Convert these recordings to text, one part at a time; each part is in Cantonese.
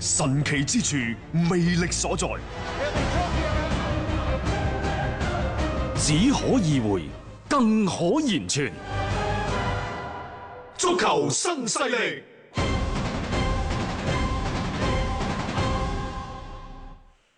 神奇之處，魅力所在，只可意會，更可言傳。足球新勢力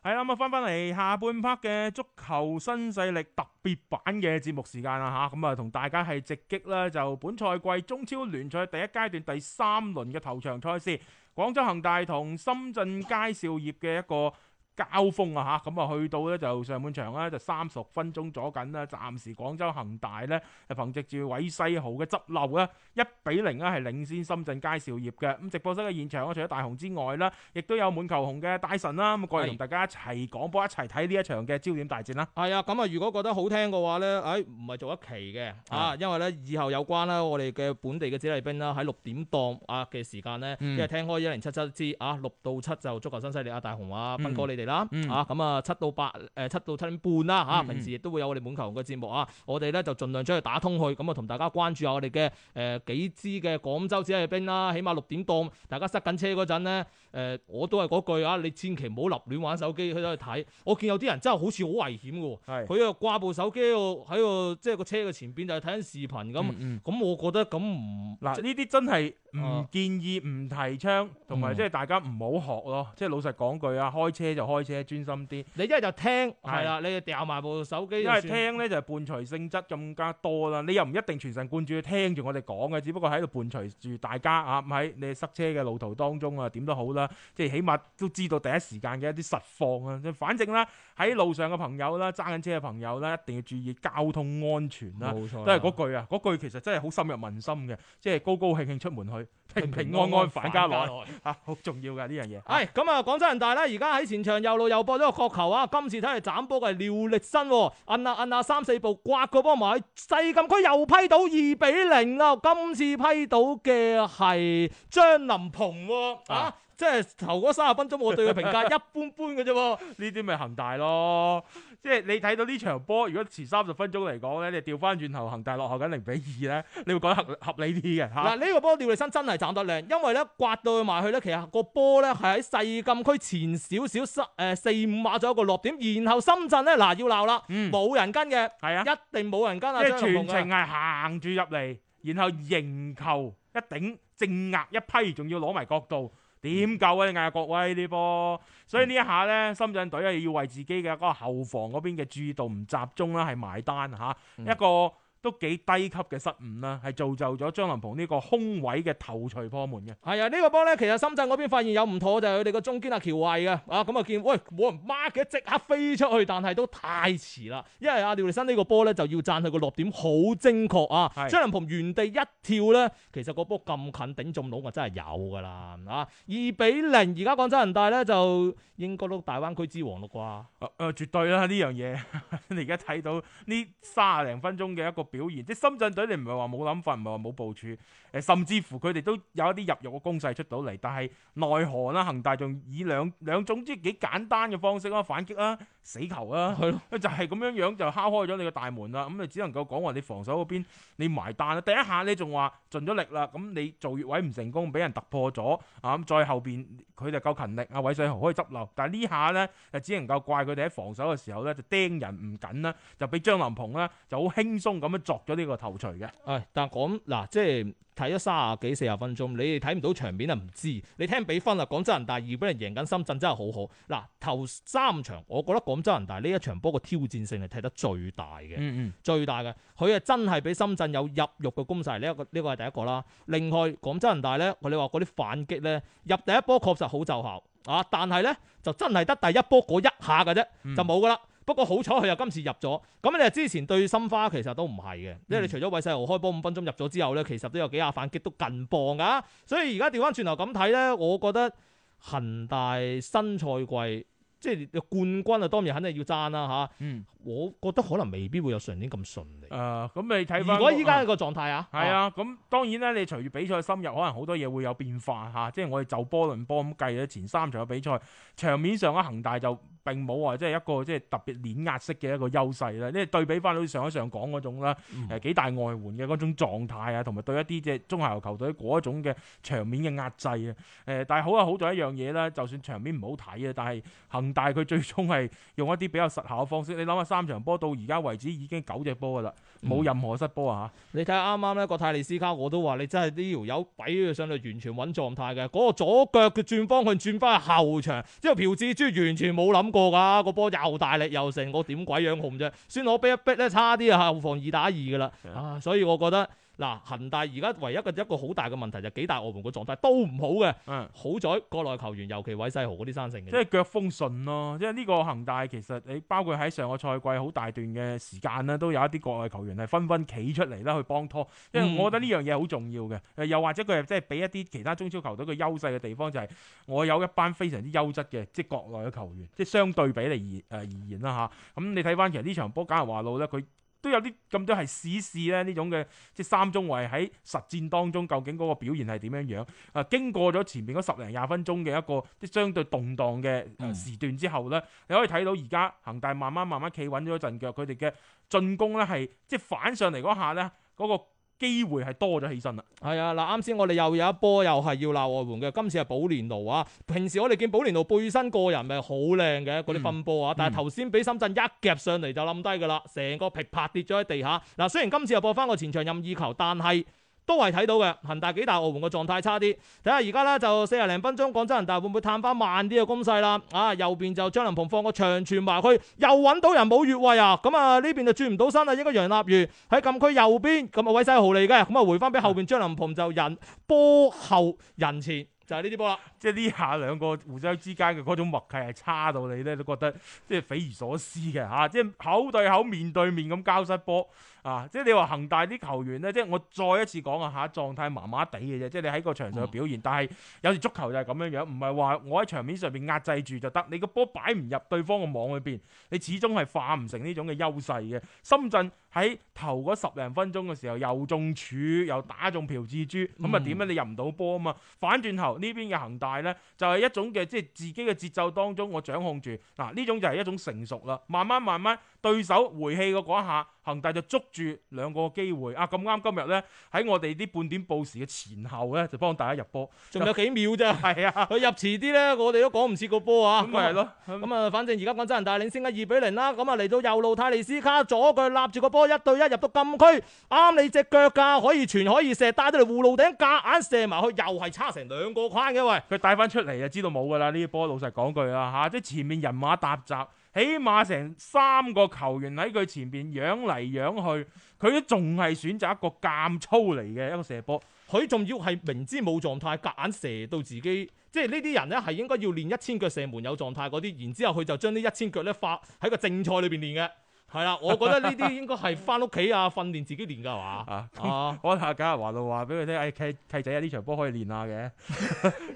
係啦，咁啊，翻翻嚟下半 part 嘅足球新勢力特別版嘅節目時間啦，吓，咁啊，同大家係直擊啦，就本賽季中超聯賽第一階段第三輪嘅頭場賽事。廣州恒大同深圳佳兆業嘅一個。交鋒啊吓，咁啊去到咧就上半場咧就三十分鐘咗緊啦，暫時廣州恒大咧係憑借住韋世豪嘅執漏咧一比零咧係領先深圳佳兆業嘅。咁直播室嘅現場咧，除咗大雄之外啦，亦都有滿球紅嘅大神啦，咁過嚟同大家一齊講波一齊睇呢一場嘅焦點大戰啦。係啊，咁啊如果覺得好聽嘅話咧，誒唔係做一期嘅啊，因為咧以後有關啦，我哋嘅本地嘅子弟兵啦，喺六點檔啊嘅時間咧，因為聽開一零七七之啊六到七就足球新勢力啊大雄啊斌哥你哋、嗯。啦，嚇咁，嗯、啊，嗯嗯、七到八誒、呃、七到七點半啦，嚇、啊、平時亦都會有我哋滿球嘅節目啊，我哋咧就盡量將佢打通去，咁啊同大家關注下我哋嘅誒幾支嘅廣州子弟兵啦，起碼六點檔，大家塞緊車嗰陣咧，誒、呃、我都係嗰句啊：「你千祈唔好立亂玩手機去咗去睇，我見有啲人真係好似好危險嘅喎，係佢又掛部手機喺度，即係個車嘅前邊就睇緊視頻咁，咁、嗯嗯嗯、我覺得咁唔嗱呢啲真係。唔建議唔提倡，同埋即係大家唔好學咯。即係老實講句啊，開車就開車，專心啲。你一係就聽，係啦，你掉埋部手機。一係聽咧就係伴隨性質更加多啦。你又唔一定全神貫注聽住我哋講嘅，只不過喺度伴隨住大家啊，喺你塞車嘅路途當中啊，點都好啦。即係起碼都知道第一時間嘅一啲實況啊。反正啦，喺路上嘅朋友啦，揸緊車嘅朋友啦，一定要注意交通安全啦。冇錯，都係嗰句啊，嗰句其實真係好深入民心嘅，即係高高興興出門去。平平安安返家來嚇，好重要噶呢樣嘢。係咁啊！廣州人大咧，而家喺前場右路又播咗個角球啊！今次睇嚟斬波嘅係廖力新、啊，摁下摁下三四步刮個波過，幫埋細禁區又批到二比零啊。今次批到嘅係張林鵬啊，啊，啊，即係頭嗰三十分鐘，我對佢評價一般般嘅啫。呢啲咪恒大咯？即係你睇到呢場波，如果遲三十分鐘嚟講呢，你調翻轉頭，恒大落後緊零比二呢，你會覺得合合理啲嘅嚇。嗱、啊，呢個波廖力生真係斬得靚，因為呢刮到佢埋去呢，其實個波呢係喺細禁區前少少深誒四五碼左右個落點，然後深圳呢嗱、啊、要鬧啦，冇、嗯、人跟嘅，係啊，一定冇人跟啊，全程係行住入嚟，然後迎球一頂正壓一批，仲要攞埋角度。點夠啊！你嗌國威呢波，嗯、所以一呢一下咧，深圳隊咧要為自己嘅嗰個後防嗰邊嘅注意度唔集中啦，係埋單嚇一個。都幾低級嘅失誤啦，係造就咗張林鵬呢個空位嘅頭槌破門嘅。係啊，這個、呢個波咧其實深圳嗰邊發現有唔妥就係佢哋個中堅阿喬偉嘅啊，咁啊見喂冇人 mark 嘅，即刻飛出去，但係都太遲啦。因為阿廖力生個呢個波咧就要讚佢個落點好精確啊。是張林鵬原地一跳咧，其實個波咁近頂中腦啊，0，真係有㗎啦啊！二比零，而家廣州恒大咧就應該都大灣區之王嘞啩？誒、呃呃、絕對啦呢樣嘢， 你而家睇到呢三十零分鐘嘅一個。表現，即係深圳隊，你唔係話冇諗法，唔係話冇部署，誒，甚至乎佢哋都有一啲入獄嘅攻勢出到嚟，但係奈何啦，恒大仲以兩兩種之幾簡單嘅方式啦、啊、反擊啦、啊。死球啦、啊， 就係咁樣樣就敲開咗你個大門啦，咁你只能夠講話你防守嗰邊你埋單啦，第一下你仲話盡咗力啦，咁你做越位唔成功俾人突破咗啊，咁、嗯、再後邊佢就夠勤力阿韋世豪可以執漏，但係呢下咧就只能夠怪佢哋喺防守嘅時候咧就盯人唔緊啦，就俾張林鵬啦就好輕鬆咁樣作咗呢個頭槌嘅。誒、哎，但係講嗱即係。睇咗卅幾四十分鐘，你哋睇唔到場面啊，唔知你聽比分啦。廣州恒大二比零贏緊深圳真，真係好好嗱。頭三場我覺得廣州恒大呢一場波個挑戰性係踢得最大嘅，嗯嗯最大嘅佢係真係俾深圳有入肉嘅攻勢呢一、呢個呢、呢個係第一個啦。另外廣州恒大咧，我哋話嗰啲反擊咧入第一波確實好奏效啊，但係咧就真係得第一波嗰一下嘅啫，就冇噶啦。嗯不過好彩佢又今次入咗，咁你之前對申花其實都唔係嘅，嗯、因為你除咗魏世豪開波五分鐘入咗之後呢，其實都有幾下反擊都近磅㗎，所以而家調翻轉頭咁睇呢，我覺得恒大新賽季。即係冠軍啊！當然肯定要爭啦嚇。啊嗯、我覺得可能未必會有上年咁順利。誒、呃，咁你睇翻如果依家個狀態啊，係啊，咁、啊、當然咧，你隨住比賽深入，可能好多嘢會有變化嚇、啊。即係我哋就波論波咁計，前三場嘅比賽場面上咧，恒大就並冇話即係一個即係特別碾壓式嘅一個優勢啦。即係、嗯、對比翻好似上一上講嗰種啦，誒幾大外援嘅嗰種狀態啊，同埋、嗯、對一啲即係中下游球、球隊嗰一種嘅場面嘅壓制啊。誒、呃，但係好就好在一樣嘢啦，就算場面唔好睇啊，但係恆但係佢最終係用一啲比較實效嘅方式，你諗下三場波到而家為止已經九隻波㗎啦，冇任何失波、嗯、啊嚇！你睇下啱啱呢個泰利斯卡，我都話你真係呢條友鬼喺上度完全揾狀態嘅，嗰、嗰個左腳嘅轉方向轉翻去後場，之後朴志洙完全冇諗過㗎，個波又大力又成、個點鬼樣紅啫，先攞逼一逼咧差啲啊後防二打二㗎啦，啊所以我覺得。嗱，恒大而家唯一嘅一個好大嘅問題就係幾大外援嘅狀態都唔好嘅。嗯，好在國內球員，尤其韋世豪嗰啲生性嘅，即係腳風順咯。即係呢個恒大其實你包括喺上個賽季好大段嘅時間咧、啊，都有一啲國內球員係紛紛企出嚟啦去幫拖。嗯、因為我覺得呢樣嘢好重要嘅。又或者佢係即係俾一啲其他中超球隊嘅優勢嘅地方就係我有一班非常之優質嘅即係國內嘅球員，即、就、係、是、相對比嚟而誒而言啦嚇。咁、嗯嗯、你睇翻其實呢場波簡直話路咧佢。都有啲咁多係試試咧呢種嘅即係三中衛喺實戰當中，究竟嗰個表現係點樣樣？誒、啊、經過咗前面嗰十零廿分鐘嘅一個即係相對動盪嘅時段之後咧，嗯、你可以睇到而家恒大慢慢慢慢企穩咗一陣腳，佢哋嘅進攻咧係即係反上嚟嗰下咧嗰、嗰個。機會係多咗起身啦，係啊，嗱，啱先我哋又有一波又係要鬧外援嘅，今次係寶蓮奴啊。平時我哋見寶蓮奴背身個人咪好靚嘅嗰啲分波啊，但係頭先俾深圳一夾上嚟就冧低噶啦，成個劈啪跌咗喺地下。嗱，雖然今次又播翻個前場任意球，但係。都係睇到嘅，恒大幾大狀態，澳門嘅狀態差啲。睇下而家呢，就四廿零分鐘，廣州恒大會唔會探翻慢啲嘅攻勢啦？啊，右邊就張林鵬放個長傳埋去，又揾到人冇越位啊！咁啊呢邊就轉唔到身啦，應該楊立瑜喺禁區右邊，咁啊韋世豪嚟嘅，咁、嗯、啊回翻俾後邊張林鵬就引波後人前，就係呢啲波啦。即係呢下兩個互相之間嘅嗰種默契係差到你呢，都覺得即係、就是、匪夷所思嘅吓、啊，即係口對口面對面咁交失波。啊！即係你話恒大啲球員呢，即係我再一次講啊嚇，狀態麻麻地嘅啫。即係你喺個場上嘅表現，嗯、但係有時足球就係咁樣樣，唔係話我喺場面上面壓制住就得。你個波擺唔入對方嘅網裏邊，你始終係化唔成呢種嘅優勢嘅。深圳喺頭嗰十零分鐘嘅時候又中柱又打中朴志洙，咁啊點啊？你入唔到波啊嘛？反轉頭呢邊嘅恒大呢，就係、是、一種嘅即係自己嘅節奏當中，我掌控住嗱，呢、啊、種就係一種成熟啦，慢慢慢慢。對手回氣個嗰一下，恒大就捉住兩個，個機會。啊，咁啱今日呢，喺我哋啲半點報時嘅前後呢，就幫大家入波。仲有幾秒咋？係的啊，佢入遲啲呢，我哋都講唔切個波啊。咁咪係咯，咁啊，反正而家講真，恒大領先緊二比零啦。咁啊，嚟到右路泰利斯卡左腳立住個波，一對一入到禁區，啱你隻腳㗎，可以傳可以射，帶到嚟護路頂，夾硬射埋去，又係差成兩個框嘅喂。佢帶翻出嚟就知道冇㗎啦。呢啲波老實講句啊，嚇，即係前面人馬沓雜。起碼成三個球員喺佢前邊仰嚟仰去，佢都仲係選擇一個咁粗嚟嘅一個射波，佢仲要係明知冇狀態，夾硬射到自己，即係呢啲人呢，係應該要練一千腳射門有狀態嗰啲，然之後佢就將呢一千腳呢發喺個正賽裏邊練嘅。係啦，我覺得呢啲應該係翻屋企啊，訓練自己練㗎，係嘛？啊啊！啊 我睇下簡日華度話俾佢聽，誒、哎、契契仔啊，呢場波可以練下嘅，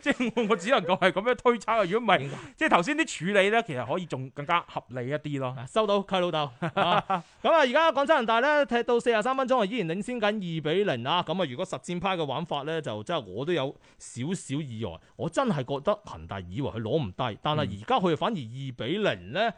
即係 我只能夠係咁樣推測。如果唔係，即係頭先啲處理咧，其實可以仲更加合理一啲咯、啊。收到契老豆。咁啊，而家廣州恒大咧踢到四十三分鐘啊，依然領先緊二比零啦。咁啊，如果實戰派嘅玩法咧，就真係我都有少少意外。我真係覺得恒大以為佢攞唔低，但係而家佢反而二比零咧。嗯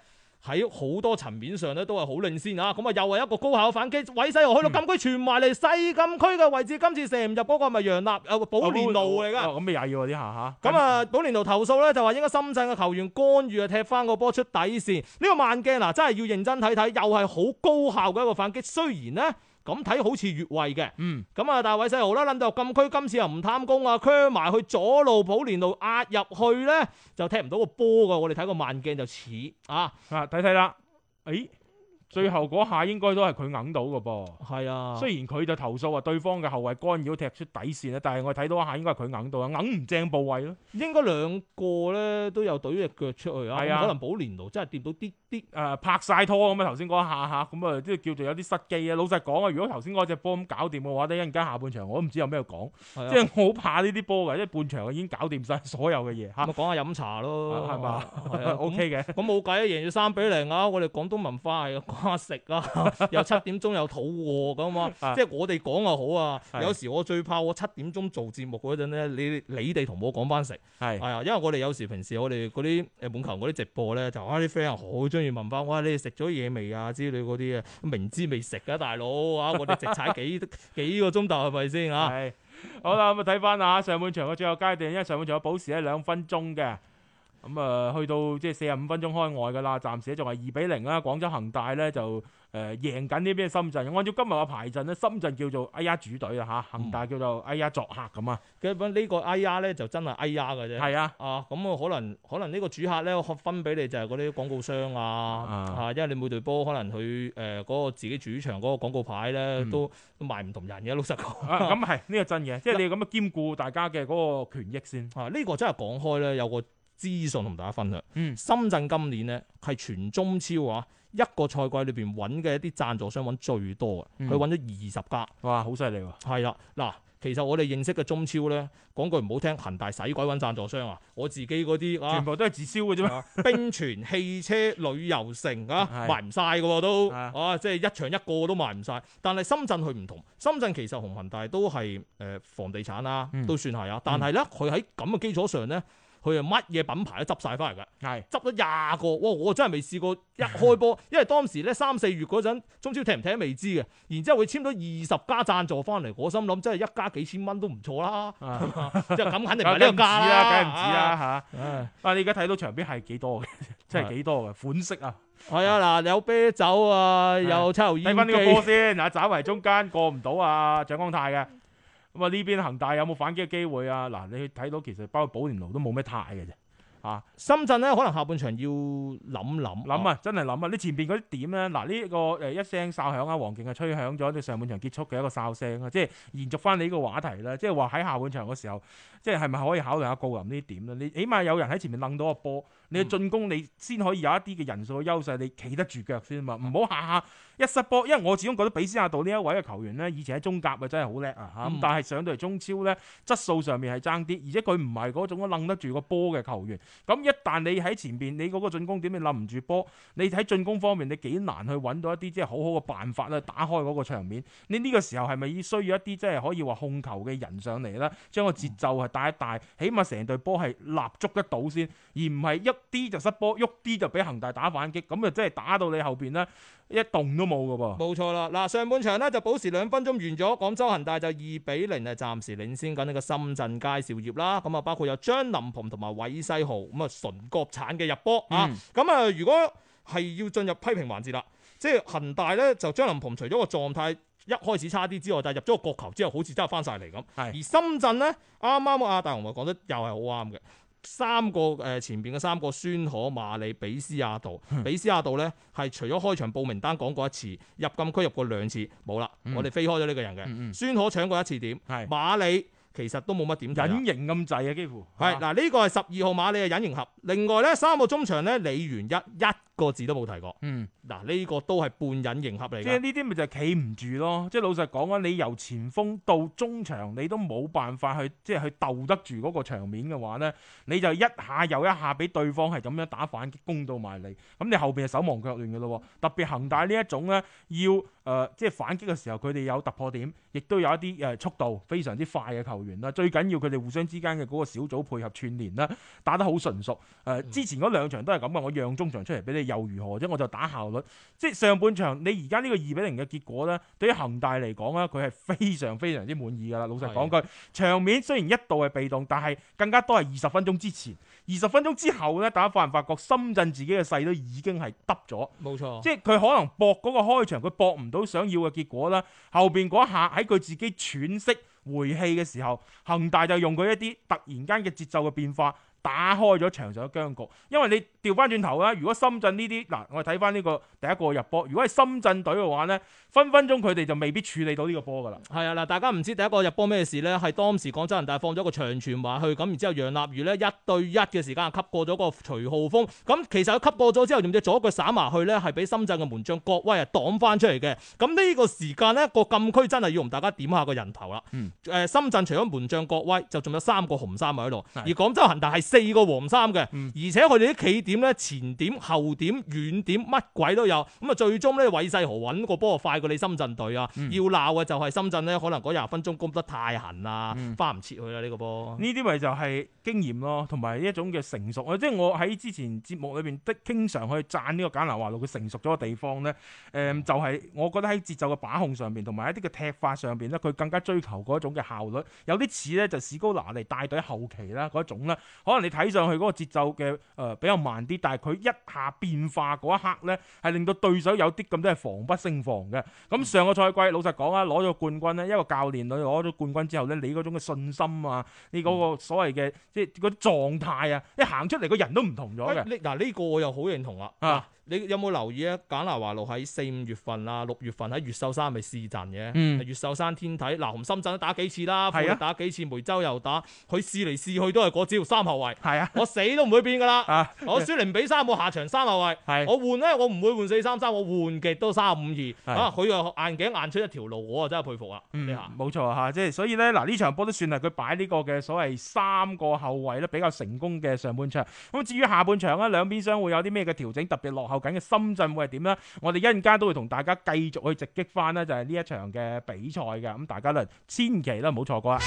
喺好多層面上咧都係好領先啊！咁啊又係一個高效嘅反擊，韋世豪又去到禁區傳埋嚟細禁區嘅位置，今次射唔入嗰個係咪楊立啊、呃、保連奴嚟噶。哦，咁咩嘢喎？啲下嚇。咁、嗯、啊、嗯呃、保連奴投訴咧就話應該深圳嘅球員干預啊踢翻個波出底線。呢、這個慢鏡嗱真係要認真睇睇，又係好高效嘅一個反擊。雖然咧。咁睇好似越位嘅，咁啊、嗯，但係韋世豪啦，諗到禁區，今次又唔貪功啊 c 埋去左路普連路壓入去咧，就踢唔到個波噶，我哋睇個慢鏡就似啊，啊，睇睇、啊、啦，誒、欸。最後嗰下應該都係佢硬到嘅噃，係啊。雖然佢就投訴話對方嘅後衞干擾踢出底線啊，但係我睇到嗰下應該係佢硬到啊，硬唔正部位咯。應該兩個咧都有隊隻腳出去啊，可能保連奴真係掂到啲啲誒拍晒拖咁啊。頭先嗰一下嚇，咁啊即係叫做有啲失機啊。老實講啊，如果頭先嗰隻波咁搞掂嘅話，咧一陣間下半場我都唔知有咩講，即係我好怕呢啲波嘅，即係半場已經搞掂晒所有嘅嘢嚇。咁講下飲茶咯，係嘛？OK 嘅。咁冇計啊，贏咗三比零啊！我哋廣東文化食 啊！又七點鐘又肚餓咁嘛！ 即係我哋講又好啊！是有時我最怕我七點鐘做節目嗰陣咧，你你哋同我講翻食，係係啊！是因為我哋有時平時我哋嗰啲誒本球嗰啲直播咧，就啱啲 friend 好中意問翻，哇！你哋食咗嘢未啊？之類嗰啲啊，明知未食啊，大佬啊！ 我哋直踩幾 幾個鐘頭係咪先啊？係，好啦，咁啊睇翻啊上半場嘅最後階段，因為上半場有補時咧兩分鐘嘅。咁啊，去到即係四十五分鐘開外噶啦，暫時仲係二比零啦。廣州恒大咧就誒贏緊呢邊深圳，按照今日嘅排陣咧，深圳叫做 A R 主隊啦吓，恒大叫做 A R 作客咁啊。咁呢個 A R 咧就真係 A R 嘅啫。係啊，啊咁啊可能可能呢個主客咧，我分俾你就係嗰啲廣告商啊，啊，因為你每隊波可能佢誒嗰個自己主場嗰個廣告牌咧都都賣唔同人嘅老實講。啊，咁係呢個真嘅，即係你要咁樣兼顧大家嘅嗰個權益先。啊，呢個真係講開咧有個。資訊同大家分享。嗯、深圳今年呢，係全中超啊，一個賽季裏邊揾嘅一啲贊助商揾最多嘅，佢揾咗二十家，哇，好犀利喎！係啦，嗱，其實我哋認識嘅中超呢，講句唔好聽，恒大使鬼揾贊助商啊！我自己嗰啲、啊、全部都係自銷嘅啫嘛。冰、啊啊、 泉汽車旅遊城啊，嗯、賣唔晒㗎喎都啊，啊即係一場一個都賣唔晒。但係深圳佢唔同，深圳其實同恒大都係誒、呃呃、房地產啊，都算係啊。但係呢，佢喺咁嘅基礎上呢。嗯嗯嗯嗯嗯佢啊乜嘢品牌都執晒翻嚟㗎，係執咗廿個，哇！我真係未試過一開波，因為當時咧三四月嗰陣中超踢唔踢都未知嘅，然之後佢簽到二十家贊助翻嚟，我心諗真係一家幾千蚊都唔錯啦，即係咁肯定唔係呢個價啦，梗係唔止啦嚇。啊！ 啊你而家睇到場邊係幾多嘅，真係幾多嘅款式啊？係的 啊，嗱，有啤酒啊，有七毫二蚊睇翻呢個波先，嗱、啊，走埋中間過唔到啊，蔣光太嘅。咁啊呢邊恒大有冇反擊嘅機會啊？嗱，你去睇到其實包括保蓮奴都冇咩太嘅啫，啊！深圳咧可能下半場要諗諗諗啊，真係諗啊！你前邊嗰啲點咧，嗱呢、這個誒、呃、一聲哨響啊，黃健啊吹響咗，你上半場結束嘅一個哨聲啊，即係延續翻你呢個話題啦，即係話喺下半場嘅時候，即係係咪可以考慮下郜林呢啲點咧？你起碼有人喺前面掹到個波。你進攻你先可以有一啲嘅人數嘅優勢，你企得住腳先嘛？唔好下下一失波，因為我始終覺得比斯亞道呢一位嘅球員呢，以前喺中甲啊真係好叻啊嚇！但係上到嚟中超呢，質素上面係爭啲，而且佢唔係嗰種楞得住個波嘅球員。咁一旦你喺前邊，你嗰個進攻點你諗唔住波，你喺進攻方面你幾難去揾到一啲即係好好嘅辦法咧，打開嗰個場面。你呢個時候係咪需要一啲即係可以話控球嘅人上嚟呢？將個節奏係帶一帶，起碼成隊波係立足得到先，而唔係一啲就失波，喐啲就俾恒大打反擊，咁啊真係打到你後邊呢，一動都冇嘅噃。冇錯啦，嗱，上半場呢就保持兩分鐘完咗，廣州恒大就二比零啊，暫時領先緊呢個深圳佳兆業啦。咁啊包括有張林鵬同埋韋世豪咁啊純國產嘅入波、嗯、啊。咁啊如果係要進入批評環節啦，即係恒大呢，就張林鵬除咗個狀態一開始差啲之外，但係入咗個國球之後好，好似真係翻晒嚟咁。而深圳呢，啱啱阿大雄話講得又係好啱嘅。三個誒、呃、前邊嘅三個，孫可、馬里、比斯亞道。嗯、比斯亞道咧係除咗開場報名單講過一次，入禁區入過兩次，冇啦。嗯、我哋飛開咗呢個人嘅。嗯嗯、孫可搶過一次點，是馬里其實都冇乜點，隱形咁滯啊幾乎。係、啊、嗱，呢個係十二號馬里嘅隱形盒。另外咧，三個中場咧，李源一一個字都冇提過。嗯，嗱呢、這個都係半隱形合嚟嘅。即係呢啲咪就係企唔住咯。即係老實講啊，你由前鋒到中場，你都冇辦法去即係去鬥得住嗰個場面嘅話咧，你就一下又一下俾對方係咁樣打反擊攻到埋嚟。咁你後邊係手忙腳亂嘅咯。特別恒大呢一種咧，要、呃、誒即係反擊嘅時候，佢哋有突破點，亦都有一啲誒速度非常之快嘅球員啦。最緊要佢哋互相之間嘅嗰個小組配合串聯啦，打得好純熟。之前嗰兩場都係咁噶我讓中場出嚟俾你又如何啫？我就打效率，即係上半場你而家呢個二比零嘅結果呢，對於恒大嚟講呢，佢係非常非常之滿意噶啦。老實講句，是的 場面雖然一度係被動，但係更加多係二十分鐘之前，二十分鐘之後呢，大家有有發唔發覺深圳自己嘅勢都已經係耷咗，冇錯。即係佢可能搏嗰個開場，佢搏唔到想要嘅結果啦。後邊嗰一下喺佢自己喘息回氣嘅時候，恒大就用佢一啲突然間嘅節奏嘅變化，打開咗場上嘅僵局，因為你調翻轉頭啊！如果深圳呢啲嗱，我哋睇翻呢個第一個入波，如果係深圳隊嘅話呢，分分鐘佢哋就未必處理到呢個波㗎啦。係啊，嗱，大家唔知第一個入波咩事呢？係當時廣州恒大放咗個長傳埋去，咁然之後楊立瑜呢，一對一嘅時間啊，吸過咗個徐浩峰，咁其實佢吸過咗之後，仲要左腳散埋去呢？係俾深圳嘅門將郭威啊擋翻出嚟嘅。咁呢個時間呢，個禁區真係要同大家點下個人頭啦。嗯。誒，深圳除咗門將郭威，就仲有三個紅衫埋喺度，的而廣州恒大係。四個黃衫嘅，而且佢哋啲企點咧前點後點遠點乜鬼都有，咁啊最終咧韋世豪揾個波快過你深圳隊啊！嗯、要鬧嘅就係深圳咧，可能嗰廿分鐘攻得太狠啦，返唔切去啦呢個波。呢啲咪就係經驗咯，同埋一種嘅成熟啊！即係我喺之前節目裏邊都經常去贊呢個簡拿華路佢成熟咗嘅地方咧。誒、嗯，就係、是、我覺得喺節奏嘅把控上邊，同埋一啲嘅踢法上邊咧，佢更加追求嗰一種嘅效率，有啲似咧就史高拿利帶隊後期啦嗰種啦，可能。你睇上去嗰個節奏嘅誒、呃、比較慢啲，但係佢一下變化嗰一刻咧，係令到對手有啲咁多係防不勝防嘅。咁上個賽季老實講啊，攞咗冠軍咧，一個教練攞咗冠軍之後咧，你嗰種嘅信心啊，你嗰個所謂嘅、嗯、即係個狀態啊，一行出嚟個人都唔同咗嘅。嗱呢、哎呢個我又好認同啦、啊。啊。你有冇留意啊？簡拿華路喺四五月份啊，六月份喺越秀山咪試陣嘅。越、嗯、秀山天體嗱，同深圳都打幾次啦，富力打幾次，梅州又打，佢試嚟試去都係嗰招三後衞。係啊，我死都唔會變噶啦。啊、我輸零比三，我下場三後衞是。我換咧，我唔會換四三三，3, 我換極都三五二。啊，佢又硬頸硬出一條路，我啊真係佩服、嗯、下啊。冇錯啊，即係所以咧嗱，呢場波都算係佢擺呢個嘅所謂三個後衞咧比較成功嘅上半場。咁至於下半場咧，兩邊廂會有啲咩嘅調整，特別落後。緊嘅深圳會係點呢？我哋一陣間都會同大家繼續去直擊翻呢，就係、是、呢一場嘅比賽嘅咁、嗯，大家呢千祈咧唔好錯過啦。